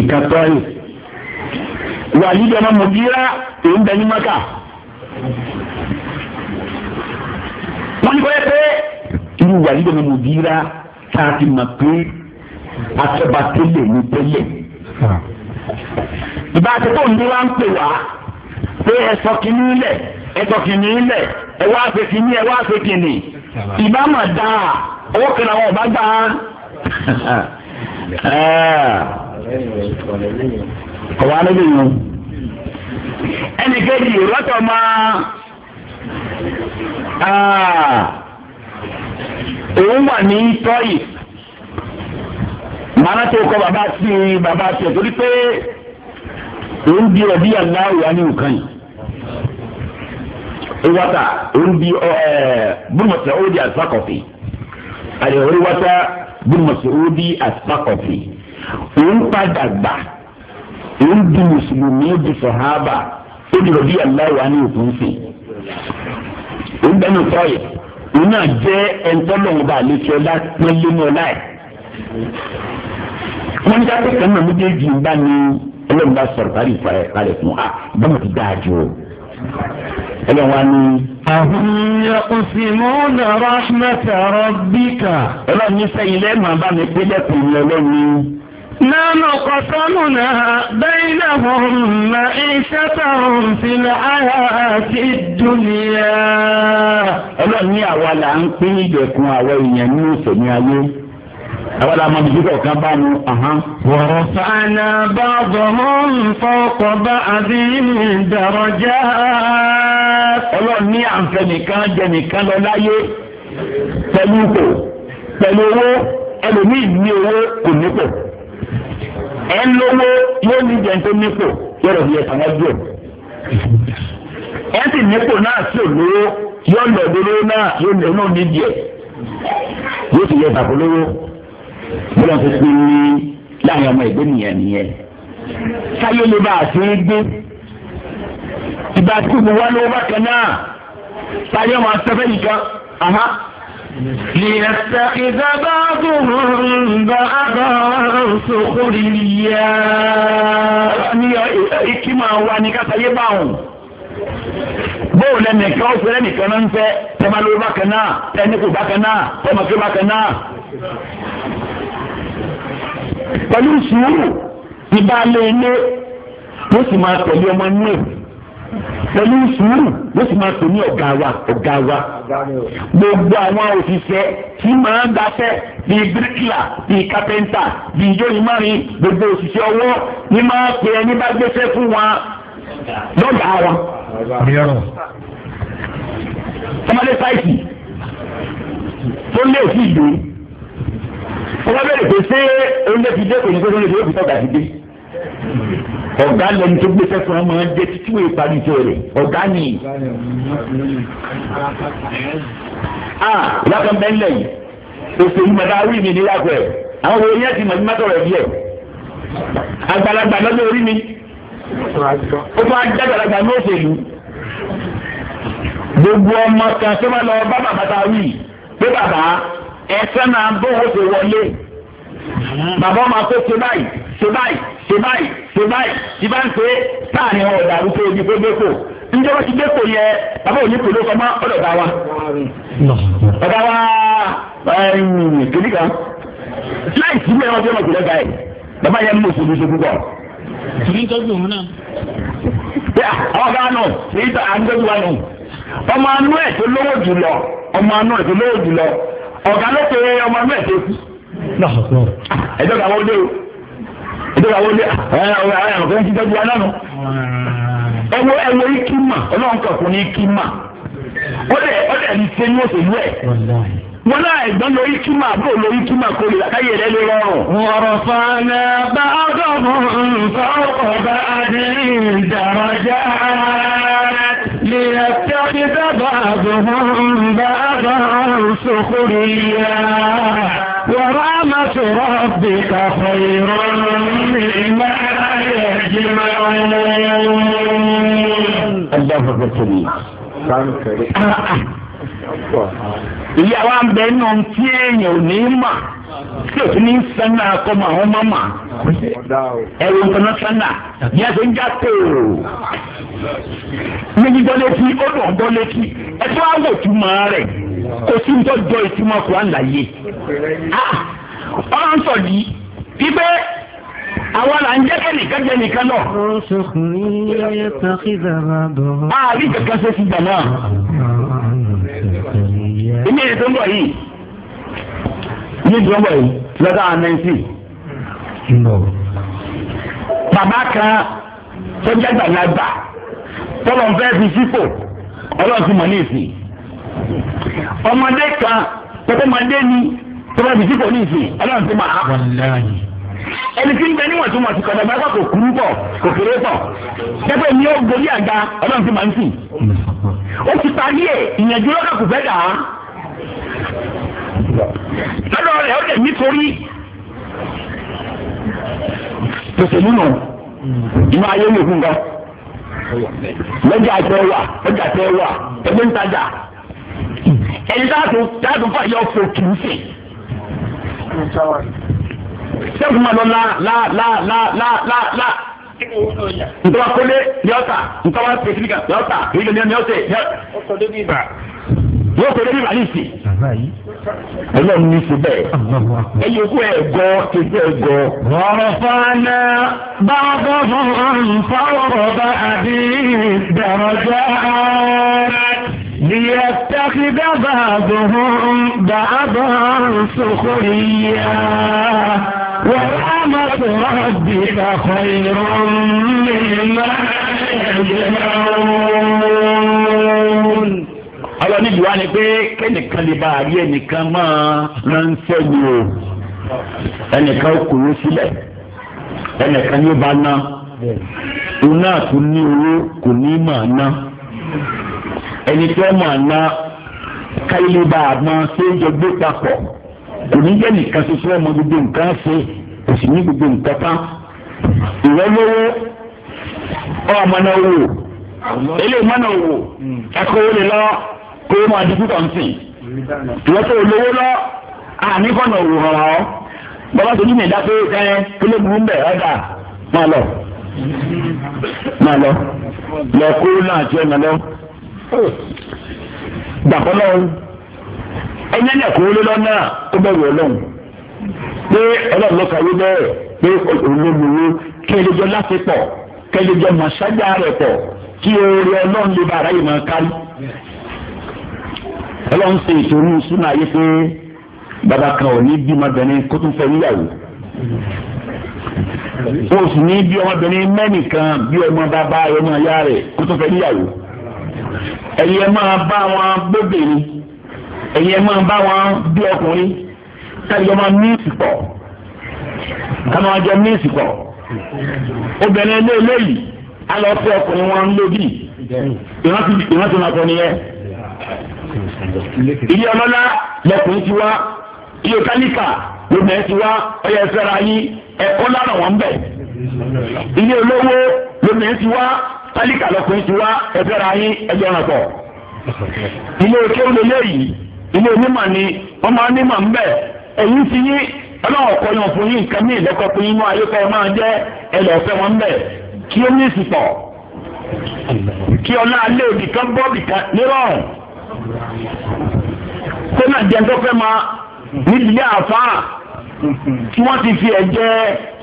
ìkan tọ́yì wàlídìí ọmọ mọ̀gíra èyí ń bẹ ní Mẹ́kà wọ́n yẹ pé. irú wàyí lè mú bíra tá a ti mọ̀ pé akẹ́bà tẹ́lẹ̀ ní tẹ́lẹ̀. ìbá ti tó ní wá ń pè wá pé ẹ sọ kìíní lẹ̀ ẹ sọ kìíní lẹ̀ ẹ wá kìíní kìíní. ìbá mà dáa owó ọba gbà ọ̀wá níbí yìí ẹnì kejì rọ́tọ̀ máa. òun wà ní tọ́yì màá tó kọ bàbá sí bàbá sí ẹ̀ torí pé òun di ọ̀dí aláwọ̀ á ní nǹkan yìí ìwọ́ta òun di bùnmọ̀sẹ̀ ó di àtàkọ̀fì àdéhùn ìwọ́ta bùnmọ̀sẹ̀ ó di àtàkọ̀fì òun padà gbà òun di mùsùlùmí di sọ̀hábà ó di aláwọ̀ ní òun bẹ́ẹ̀ ní òun náà jẹ́ ẹ̀ńtọ́lọ́wọ́ba àlejò ọlá pẹ́lẹ́mọ́ ọlá ẹ̀. wọ́n ní káfíńsì kan náà méjèèjì ń bá ní ọlọ́run bá sọ̀rọ̀ kárí ìfarẹ́ kálẹ̀ fún wa ah, bámu ti dáa jù o. ọlọ́run wa ní. àhùn yaqsimuna rahmata rabbika. ọlọ́run ní sẹ́yìn lẹ́ẹ̀mọ́ bá mi pé lẹ́kùn ní ọlọ́run نحن قسمنا بينهم معيشتهم في الحياة الدنيا ọlọ́run ní àwa là ń pín ìjẹ̀kùn àwa èèyàn ní ìsẹ̀mí ayé àwa là máa bìbí kọ̀ọ̀kan bá mu. wọ̀rọ̀ fàánà bá bọ̀mọ́ nfọkọ̀ bá àdínní dàrọ̀já. ọlọ́run ní àǹfẹ́ nìkan jẹ lọ láyé pẹ̀lú ipò pẹ̀lú owó ẹlòmíì ní owó kò nípò ẹ̀ ń lówó yóò ní jẹun tó nípò yọ̀rọ̀ bí ẹ̀sán wọn dùn. ẹ̀ sì nípò náà sí olówó yóò lọ dúró náà yóò lọ náà ní díẹ̀ yóò sì yẹ ìtàkùn lówó bọ́lá ti pín ní láàrin ọmọ ìgbé nìyẹn nìyẹn. sáyé lè bá a ṣe é gbé ìgbà tí kò wá lówó bákan náà sáyé ọmọ asẹ́fẹ́ nìkan ليتخذ بعضهم بعضا سخريا ní ìkímọ̀ wa ni ká sáyé bá wọn bóò lẹ́nìkan ó fẹ́ lẹ́nìkan náà ń fẹ́ tẹ́mà lórí bákan náà tẹ́nìkù bákan náà tẹ́mà kí bákan náà. pẹ̀lú sùúrù ìbálẹ̀ ilé ó pẹ̀lú sùúrù ló sì máa pè ní ọ̀gá wa ọ̀gá wa gbogbo àwọn òṣìṣẹ́ tí máa ń daṣẹ́ bíi bíríkìlà bíi kápẹ́ńtà bíi jóyìnmárin gbogbo òṣìṣẹ́ ọwọ́ ni máa pè ẹni bá gbéṣẹ́ fún wa lọ́gàá wa. ọmọdé sáìsì tó lé òsì ìlú ọmọ bẹ̀rẹ̀ pé ṣé oúnjẹ ti dé kò ní pé oúnjẹ ti dé kò ní pé oúnjẹ ti dé ọ̀gá lẹni tó gbé sẹ́fún ọmọ ẹgbẹ́ títí wèé parí iṣẹ́ rẹ̀ ọ̀gá ni. ah ìyákan bẹ́ẹ̀ lẹ̀ yìí òṣèlú mọ̀tà orí mi ní yàgò ẹ̀ àwọn òwe yẹn ti mọ̀ ní mọ́tò rẹ̀ díẹ̀ àgbàlagbà lọ́dọ̀ orí mi ó tún àgbàlagbà ní òṣèlú gbogbo ọmọ kan tó máa lọ bá bàbá ta wí pé bàbá ẹ̀sán náà bó wo ṣe wọlé bàbá ọmọ akó ṣe báyìí ṣe báyìí ṣe báyìí ṣe báyìí ṣe bá ń pè é táà ni wọn ò dàrú pé ojú pé gbẹ́kò njẹ́ wọ́n ti gbẹ́kò yẹ bàbá òní kò ló fọmọ́ ọ̀dọ̀ ọ̀gá wa ọ̀gá wa kìnìkan láì sí mẹ́rin wọn fi ọmọ ìpínlẹ̀ báyìí bàbá yẹn mú òṣèlú ṣe púpọ̀. kìnìún tọ́jú òun náà. àwọn ọ̀gá nù èyí tó à ń tọ́jú wa nù ọmọ anú ẹ̀ tó lówó jùlọ ọmọ anú ẹ̀ tó lówó jùlọ ọ̀gá ló pe ọmọ anú ẹ̀ tó kú. ẹjọ́ kàwé ó dé o ìdókòwò àwọn olè ẹ ọ̀rẹ́ àwọn àwọn fẹ́ẹ́ ti dẹ́gbẹ́ wa nánu. ẹwọ ẹwọ ikima ọlọ́run kan kò ní ikima ọdẹ ọdẹ ní ṣe ní òṣèlú ẹ wọn náà ẹ̀gbọ́n lórí kíma àbúrò lórí kíma kò lè láyé rẹ lè rọrùn. wọ̀rọ̀ fana bá dọ̀bọ̀ nǹkan ọ̀bá adìrí ìdàrọ̀jà lè tẹ́kí dábàá àbùhùn bá dọ̀rùn sókòrìyà. ورحمة ربك خير مما يجمعون الله الكريم ìyàwó àbẹnú tí èèyàn ò ní mà tí o tún ní sanna kọ́mọ àwọn mọ́mọ́ ẹ̀rù nǹkan sanna ní ẹ̀sìn ń já tó o. méjì bọ́ létí ó dùn ọ́ bọ́ létí ẹ̀tọ́ àwọ̀ tún máa rẹ̀ kò sí ń tọ́jọ́ ìtumọ̀ kó à ń láyé. ń ah! sọ di bíbẹ́ àwọn là ń jẹ́kẹ́ nìkan jẹ́ nìkan lọ. Ah! àbí kankan ṣe ti gbà náà. ilé ìtọ́jú yìí ní ìjọba yìí lọ́dọ̀ àwọn nẹ́ńtì. bàbá kan tó jẹ́ gbàgbà tọ́lọ̀ ń fẹ́ fi sípò ọlọ́run ti mọ̀ ní ìsìn. ọmọdé kan tọ́tọ́mọdé ni tọ́lọ̀ fi sípò ní ìsìn ọlọ́run ti mọ̀ á. ẹni tí ń bẹ níwọ̀n tí wọ́n ti kọ̀dọ̀ gbàgbà kò kúrú pọ̀ kò kéré pọ̀ pẹ́pẹ́ mi ó gorí àga ọlọ́run ti mọ̀ ń sìn. ó ti parí ẹ̀ ìyẹn dúró kàkùfẹ́ dà á lọ́dọ̀ rẹ̀ ó lè nítorí pèsè nínú inú ayé yòókù nǹkan lọ́jà tẹ wà lọ́jà tẹ wà ẹgbẹ́ ntajà ẹni táàtù táàtù fàyè ọ̀fọ̀ kìí sè sẹ́kùn máa lọ la la la la la la la ntọ́wá kọ́lé ni ọ̀tà ntọ́wá pèsè nìkan ni ọ̀tà èyí lè ní ọ̀tẹ̀. ọ̀tọ̀ débi wọ́n kò débi màlí sí. ọlọ́run ní sí bẹ́ẹ̀. ẹyẹ kú ẹ gọ kejì ẹ gọ. wọ́rọ̀ fana bá a bọ̀ fún ọ̀nfàwọ̀rọ̀ bá a bí dàrọ̀jà ليتخذ بعضهم بعضا سخريا ورحمة ربك خير مما يجمعون ọlọ́ni jù wá ni pé kẹ́nìkan lè bá àrí ẹnìkan máa ránṣẹ́ ni o ẹnìkan kúrò sílẹ̀ ẹnìkan yóò bá ná òun náà tún ní owó kò ní máa ná ẹni tó máa ná káyọ̀lẹ́ bá a máa ṣe é jọ gbé papọ̀ kò ní jẹ́ nìkan ṣoṣo ọmọ gbogbo nǹkan ṣe kò sì ní gbogbo nǹkan tán ìwọ lówó ọmọ náà wò eléyìí mọ́nà wò ẹ̀kọ́ wọlé lọ́wọ́ kó o máa di púpọ̀ nsìn ìwọ́n tó lówó lọ àníkànnà òwò hàn ọ́ bàbá tó dúnmí dápé ẹ kílé burú ń bẹ̀ ọ̀dà máa lọ máa lọ lọ kó náà tiẹ̀ máa lọ gbàkọ́ lọ́wọ́ ẹ̀yẹ́ ní ẹ̀kọ́ wọlé lọ́nà tó bẹ̀rù ọlọ́run pé ọlọ́run ló kàwé bẹ́ẹ̀ pé olóògbé kẹlẹ́jọ́ láti pọ̀ kẹlẹ́jọ́ màṣájà rẹ̀ pọ̀ kí oore ọlọ́run lè bá ara máa kárí ọlọ́run ṣe ìtòrú súnà ayé pé bàbá kan ò ní bí ọmọbìnrin kó tún fẹ́ níyàwó o sì ní bí ọmọbìnrin mẹ́nìkan bí ọmọ bàbá ọmọ ìyá rẹ̀ kó tún fẹ́ níyàwó ẹ̀yin ẹ máa bá wọn gbóbìnrin ẹ̀yin ẹ máa bá wọn bí ọkùnrin káyọ̀ máa ní ìsìpọ̀ káwọn ọjọ́ ní ìsìpọ̀ obìnrin ilé eléyìí á lọ fẹ́ ọkùnrin wọn lóbi ìrántí ìrántí máa kọ ilé ọlọ́lá lọkùnrin ti wá iye kálíkà lóbìnrin ti wá ọyẹ fẹ́ra yín ẹ̀kọ́ lára wọn bẹ̀. ilé olówó lóbìnrin ti wá kálíkà lọkùnrin ti wá ẹ̀fẹ́ra yín pọ̀. ilé ilé onímọ̀ ni wọ́n máa nímọ̀ ń bẹ̀ ẹ̀yìn ti yín ọlọ́wọ́ fún yín nǹkan ní fún yín ayé kọ́ ẹ máa jẹ́ kí ọlá òbí kan bọ́ bìkan nírọ̀rùn sẹ́nà jẹ́ńtọ́ fẹ́ máa nídìílé àfáà tí wọ́n ti fi ẹ̀jẹ̀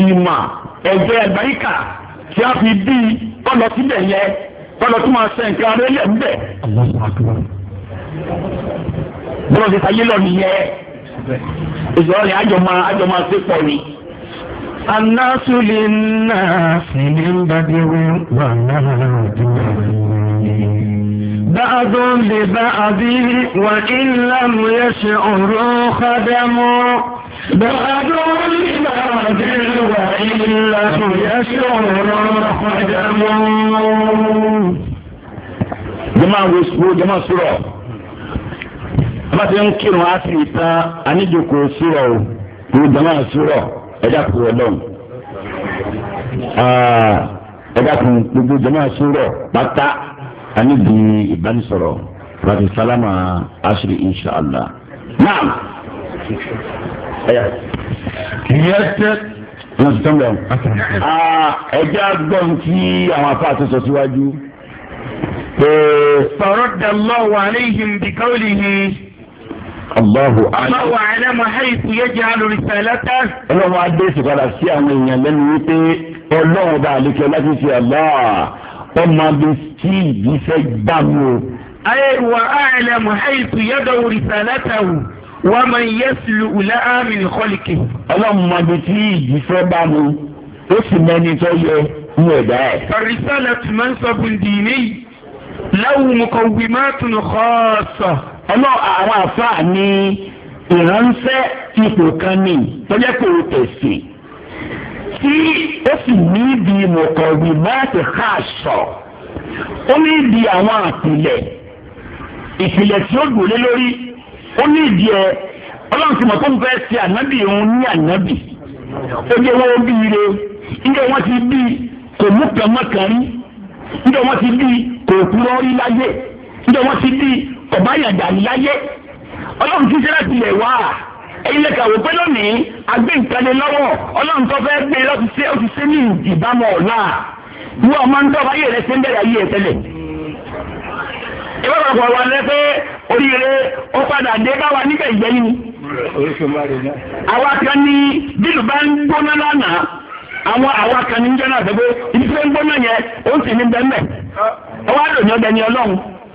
ìmọ̀ ẹ̀jẹ̀ ẹ̀gbáríkà tí a fi bí kọ́lọ̀ síbẹ̀ yẹ kọ́lọ̀ tó máa ṣe nǹkan rẹ̀ lẹ̀ ńbẹ̀. bọ́lá ti sáyé lọ nìyẹn ìṣòro ni àjọ máa àjọ máa ṣe pọ̀ ni. الناس للناس من بدر والناس بعض ببعض وإن لم يشعروا خدموا بعض ببعض وإن لم يشعروا خدموا جماعة وسبو جماعة سورة أما تنكر وعاتي إتا أنجوكو سورة وجماعة سورة أجاكو ودون آه أجاكو gbogbo jama sọ̀rọ̀ pátá a ní bí ìbánisọ̀rọ̀ láti sálámà ashri inshàlá. náà ìyẹn tẹ́ wọ́n ti tán bẹ̀rù. ẹja gbọ́n tí àwọn afa àti sọ síwájú. فرد الله عليهم بقوله الله أعلم الله أعلم حيث يجعل رسالته ọlọ́run adé sọ̀rọ̀ sí àwọn èèyàn lẹ́nu wípé ọlọ́run bá àlékè láti ṣe àlá ọmọ mi tí ìgbésẹ̀ gbà mí o. ayé wa àìlẹ̀ muhaitu yàtọ̀ risalatahu wa man yaslu ulẹ̀ amin kọ́lìkì. ọlọ́mọdé tí ìgbésẹ̀ bá mi ó sì mẹ́ni tó yẹ ní ẹ̀dá ẹ̀. àrísàlẹ̀ tí máa ń sọ bùndì ní láwùú muqawwimatun khassa. ọlọ́ àwọn àfáà ní ìránṣẹ́ ipò kan ní tọ́jẹ́ kò tẹ̀sí. tí ó sì ní ibi mọ̀kànwé láti ká sọ ó ní ibi àwọn àpilẹ̀ ìpìlẹ̀ tí ó gbòlé lórí ó ní ìdí ẹ ọlọ́run ti mọ̀ tó ń fẹ́ ṣe ànábì òun ní ànábì ó ire ti bí kò mú rí ti bí kò kúrọ́ rí láyé ti bí kò bá yàgbà rí láyé ọlọ́run ti ṣe láti ile lè kàwé pé lónìí agbé ìkànnì lọ́wọ́ ọlọ́run tó fẹ́ gbé lọ́ti ṣe ó ti ṣe ní ìbámu ọ̀la wọ́n ọmọ ń dọ́ba ayé rẹ̀ ń bẹ̀rẹ̀ ayé ìwọ́n wà oríire ó padà dé báwa ìgbẹ́yìn ni. àwa kan ní bílù bá ń gbóná lánàá àwọn àwa kan ní jẹ́ náà fẹ́ pé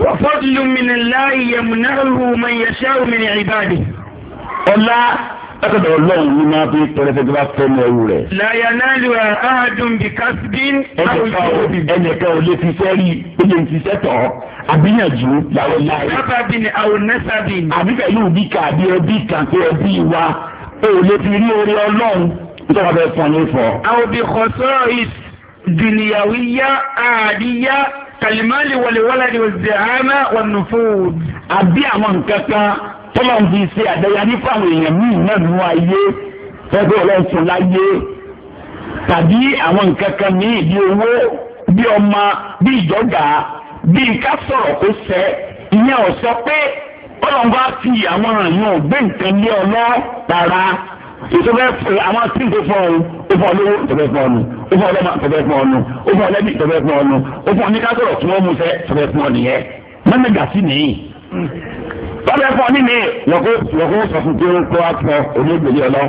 وفضل من الله يمنعه من يشاء من عباده ọlá látọ̀dọ̀ ọlọ́run ní máa fi pẹrẹsẹ tó bá fẹ́ ní ẹrú rẹ̀. láyà náà lè wà áàdùn bí kásbín. ẹnìkan ò lè fi iṣẹ́ rí ó lè fi iṣẹ́ tọ̀ àbíyànjú làwọn láyé. sábàbí ni àwọn nẹ́sàbí. àbí pẹ̀lú bí ká àbí ẹbí kan pé ẹbí wa ó lè fi rí orí ọlọ́run nítorí wọn fẹ́ fọ́n ní fọ́. àwọn òbí kọ̀ọ̀sọ́ ìdùnnìyàwó yá àdíyá kàlímàlì wàlíwàládì wàzìhámà wànúfòòd. Abi àwọn nǹkan kan tọ́lọ̀ ń fi ṣe àdáyà ní fáwọn èèyàn míì náà nínú ayé fẹ́ẹ́ ọlọ́run fún láyé tàbí àwọn nǹkan kan míì bí owó bí ọmọ bí ìjọba bí ká sọ̀rọ̀ kó sẹ́ ìyẹn ò pé ọlọ́run bá fi àwọn àyàn ògbé nǹkan lé ọlọ́ rárá ìṣòro àwọn tí ń fọ ọ ó fọ lówó tẹfẹ fún ọnu ó fọ ọlọmọ tẹfẹ fún ọnu ó fọ ọlẹbi tẹfẹ fún ọnu ó fọ oníkásọrọ tí wọn mú sẹ tẹfẹ fún ọ nìyẹn mẹmẹ gàtí nìyí. tọ́lá ẹ̀fọ́ nínú lọ́kọ́ lọ́kọ́ sọ fún pé ó kọ́ onígbèlè ọlọ́.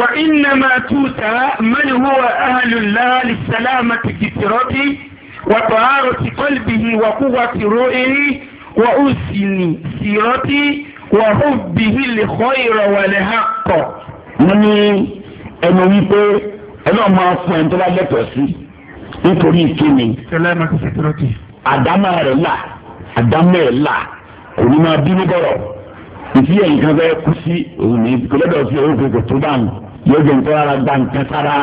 wà ìnàmà tuta mẹ́ni wúwo ahàlùlá lìsàlámà kọ̀ wọ́n ní ẹnu wípé ẹlọ́ọ̀ máa fún ẹni tó bá lẹ́tọ̀ọ́ sí nítorí ìkíni. àdámà rẹ̀ là àdámà rẹ̀ là kò ní máa bínú bọ̀rọ̀ ìfi ẹ̀yìn kan fẹ́ kú sí òun ní kọlẹ́dọ̀ fi owó kò tó dáhùn yóò jẹ́ nǹkan ara gba nǹkan sára.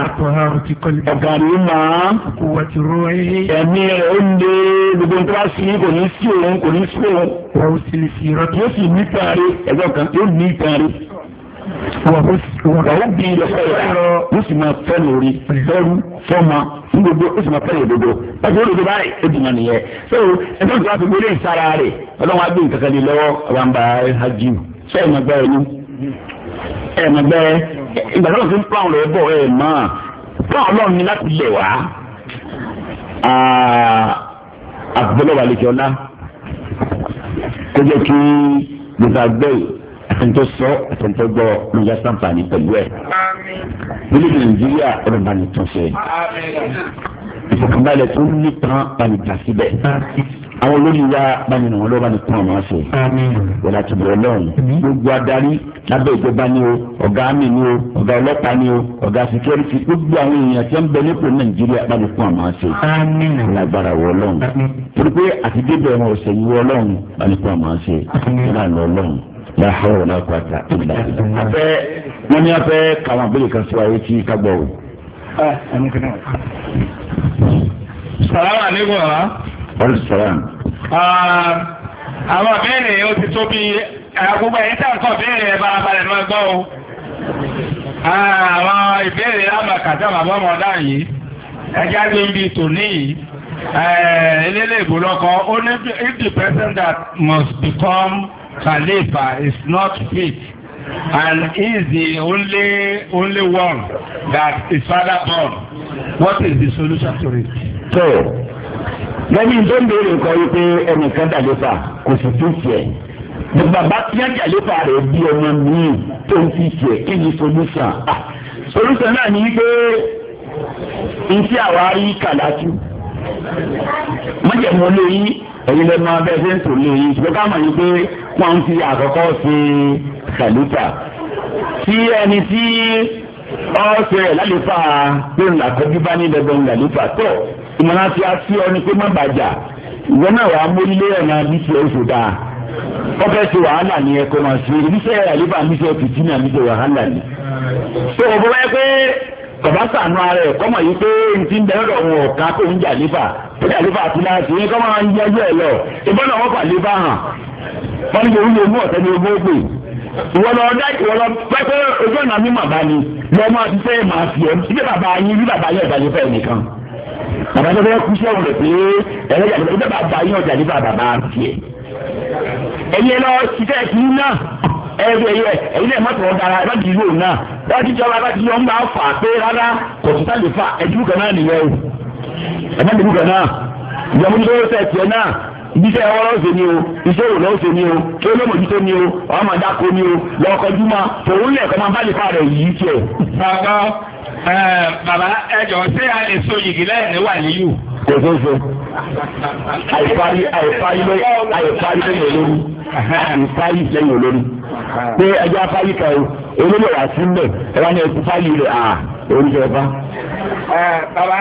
ọ̀gá ni máa ẹ̀mí rẹ̀ ó lé gbogbo nǹkan bá sí kò ní sí òun kò ní sí òun. yóò sì ní tààrí ẹ̀gbọ́n kan yóò ní tààrí wàhó bí yóò sì máa fẹ́ lórí fẹ́rú fọ́mà fún gbogbo yóò sì máa fẹ́ lòdodo pàṣẹ olódodo báyìí ó dùn nìyẹn so ẹgbẹ́ ìgbà tó gbélé ìsára rẹ̀ ọlọ́run á gbé nǹkan kan lé lọ́wọ́ ọba ń ba hajj ṣé ẹ̀ máa gbẹ́ ẹnu ẹ̀ máa gbẹ́ ìgbà tó ń fi ń pọ́n rẹ̀ bọ̀ ẹ̀ máa pọ́n ọlọ́run ni láti lẹ̀ wá àbúrò balẹ̀ kí ọlá kó jẹ́ kí gbèsè àgbẹ̀yìn àtúntò sọ àtúntò gbọ́ lóyún sàǹfààní pẹ̀lú ẹ̀. orílẹ̀ nàìjíríà ọ̀rọ̀ bá ní tún ṣe. ìfọ̀kànbalẹ̀ tó ní tán bá ní gbà síbẹ̀. àwọn olórí wa bá ní wọn lọ́wọ́ bá ní tán wọn ṣe. wọ́n láti bẹ̀rẹ̀ lọ́rùn. gbogbo adarí lábẹ́ ìjọba ni o ọ̀gá àmì ni o ọ̀gá ọlọ́pàá ni o ọ̀gá sikẹ́rìtì gbogbo àwọn èèyàn tí wọ́n bẹ nípò nàìjíríà bá ní tán wọn ṣe. lágbára wọ ọlọ́run. torí pé àtidébẹ̀ wọn ò láhùrù lákòóta ìlà. afẹ́ wọ́n ní afẹ́ kàwọn abẹ́rẹ́ kan sí wa yìí kí ká o. salamu aleykum wa. wàllu salam. àwọn abẹ́rẹ́ o ti tóbi àgbogbo ẹ̀yìn tí a kọ́ abẹ́rẹ́ balabalẹ̀ ló ń gbọ́ o. àwọn ìbéèrè lámàkàtà bàbá ọmọ ọ̀dà yìí ẹja gbé ń bi tòní yìí eléyìí ìbò lọkọ ó ní it depends that must become. Khalifa is not fit and he is the only only one that his father born. What is the solution to it? So lẹ́yìn tó ń béèrè nǹkan yìí pé ẹnìkan dàlẹ́fà kò sì tún tiẹ̀ bàbá tí wọ́n dàlẹ́fà rẹ̀ bí ọmọ mi-ín tó ń fi tiẹ̀ kí ni solution? Ah, solution náà ni wípé n tí àwa rí kàlá tún mọ̀jẹ̀mú olóyin ẹ̀yin lẹ́ máa bẹ́ẹ̀ ṣe ń tò lóyin ṣùgbọ́n ká mọ̀ yín pé wọ́n ń fi àkọ́kọ́ ṣe sàlùtà tí ẹni tí ọ̀sẹ̀ rẹ̀ lálùfà pé ńlá kọjú bá nílẹ̀ bẹ́ẹ̀ ńlá lùfà tọ̀ ìmọ̀lá ti a sí ọ ni pé má bàjá ìwọ náà wàá mórílé ẹ̀nà bíṣẹ́ oṣù dáa ọbẹ̀ ṣe wàhálà ni ẹ̀kọ́ máa ṣe ibi iṣẹ́ àlùfà níṣẹ́ fìtínà níṣẹ́ wàhálà ni. tó o bọ́ wáyé pé bàbá sànú ara ẹ̀ kọ́mọ̀ yìí pé ntí ń bẹ lọ́dọ̀ wọn ọ̀ka kó ń jà lífà tó jà lífà àti náà sì ń kọ́ máa ń yẹ́jú ẹ̀ lọ ìbọn náà wọ́n fà lífà hàn wọ́n ní orí ogún ọ̀tẹ́ ní ogún ògbè ìwọ lọ dá ìwọ lọ pẹ́pẹ́ ojú ọ̀nà mi màbá ni lọ máa ti fẹ́ máa fi ẹ́ ibi bàbá yín ibi bàbá yín ìbàjẹ́ fẹ́ nìkan bàbá tó fẹ́ kú sí ọ̀run rẹ̀ pé ẹ̀rẹ́ jà lífà ẹgbẹ́ yẹ ẹ̀yin náà mọ̀tò ọ̀dà ebe bá di ìlú òun náà wọ́n ti jọba bá ti yọ ńgbà fà pé rárá kò tún fà náà nìyẹn o ebe ìdìbò náà ìjọba ní lọ́wọ́ sẹ́ẹ̀tì ẹ̀ náà ibiṣẹ́ ẹ̀wọ́ lọ́wọ́ ni o iṣẹ́ òwò lọ́wọ́ ni o kí olómòjútó ni o ni o tòun lẹ̀ kọ́ máa bá lè rẹ̀ yìí tiẹ̀. bàbá ẹ kò tó so àìparí àìparí lé àìparí lẹ́yìn olórí àìparí lẹ́yìn olórí pé ẹjọ́ apáyí kan olórí ọ̀rá sí mbẹ̀ ẹ bá ní ẹkú fáyì rẹ̀ à oríṣi ẹ̀fá. bàbá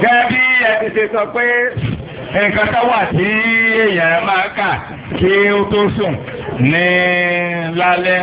gẹ́gẹ́ bí ẹ ti ṣe sọ pé nǹkan tó wà tí èèyàn máa kà kí ó tó sùn ní lálẹ́.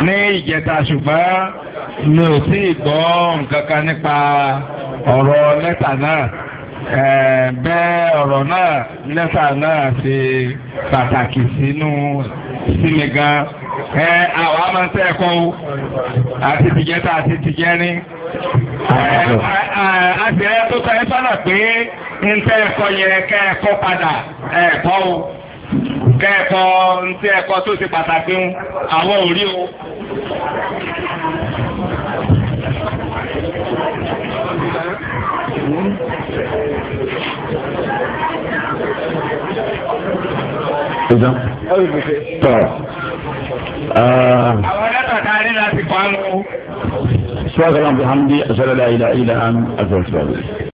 ní ìjẹta ṣùgbọ́n mi ò tí ì gbọ́ nǹkan kan nípa ọ̀rọ̀ lẹ́tà náà bẹ́ẹ̀ ọ̀rọ̀ náà lẹ́tà náà ṣe pàtàkì sínú sílẹ̀ gan. ẹ àwọn amánsẹ́ ẹ̀kọ́ o àti tìjẹ́ta àti tìjẹ́rin. àti ẹ tó sọ ẹ sọ́nà pé ń tẹ́ ẹ̀kọ́ yẹ kẹ́ ẹ̀kọ́ padà ẹ̀kọ́ o nǹkan ẹ̀kọ́ ntí ẹ̀kọ́ tó ṣe pàtàkì ń àwọn ò rí o. سبحانك اللهم وبحمدك اشهد ان لا اله الا انت استغفرك